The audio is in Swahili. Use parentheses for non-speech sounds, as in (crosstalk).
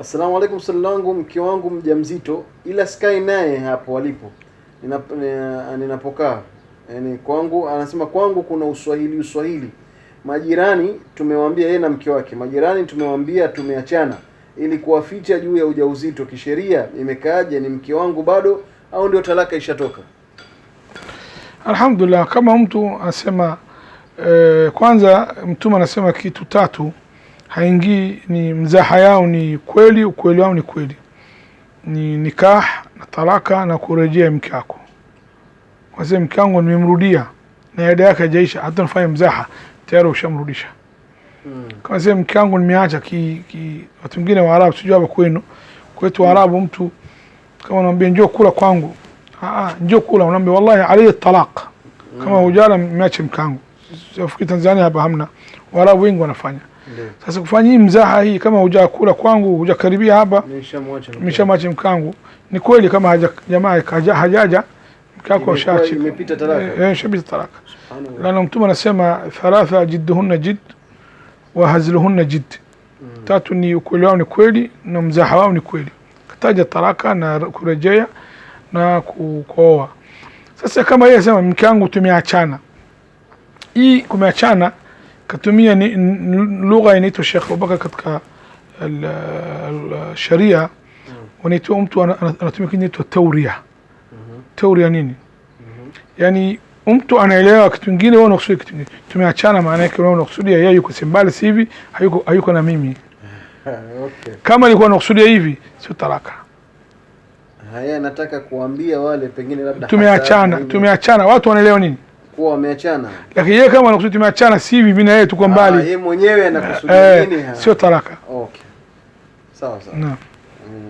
Assalamu alaikum sala wangu mke wangu mjamzito, ila sikai naye hapo alipo ninapokaa. Yani kwangu, anasema kwangu kuna uswahili uswahili. Majirani tumewambia yeye na mke wake, majirani tumewaambia tumeachana, ili kuwaficha juu ya ujauzito. Kisheria imekaaje? Ni mke wangu bado au ndio talaka ishatoka? Alhamdulillah, kama mtu anasema eh, kwanza mtume anasema kitu tatu haingii, ni mzaha yao ni kweli, ukweli wao ni kweli, ni nikah na talaka na kurejea mke wako. Wase mke wangu nimemrudia na ada yake haijaisha, hata nifanye mzaha tayari ushamrudisha. Mm. Kama sema mke wangu nimeacha ki, ki watu wengine wa Arabu sijua hapa kwenu. Kwetu Arabu mtu kama unamwambia njoo kula kwangu, ah njoo kula unamwambia wallahi alayhi talaq. Kama hmm. hujala mmeacha mke wangu nafikiri Tanzania hapa hamna, wala wengi wanafanya Nde. Sasa kufanya hii mzaha hii, kama hujakula kwangu hujakaribia hapa, nimeshamwacha mkangu. Ni kweli kama haja, jamaa hajaja mkako shachi imepita talaka, eh, eh imepita talaka. Lana Mtume anasema thalatha jidduhunna jidd wa hazluhunna jidd mm. Tatu ni ukweli wao ni kweli na mzaha wao ni kweli, kataja talaka na kurejea na kuoa. Sasa kama yeye sema mkangu tumeachana hii kumeachana katumia ni, lugha inaitwa Sheikh Abubakar katika sharia wanaitwa mm-hmm. mtu anatumia kinaitwa tauria. Mm-hmm. Tauria nini? Mm-hmm. Yani mtu anaelewa kitu kingine, wao wanakusudia kitu kingine. Tumeachana maana yake wao wanakusudia yeye yuko Simbali si hivi, hayuko hayuko na mimi. (laughs) Okay. Kama alikuwa anakusudia hivi, sio talaka. Haya nataka kuambia wale pengine labda tumeachana, tumeachana. Watu wanaelewa nini? kuwa wameachana, lakini yeye kama anakusudi tumeachana, si hivi mimi na yeye tuko ah, mbali, yeye mwenyewe anakusudia eh, nini? Sio talaka. Okay, sawa sawa. Mm.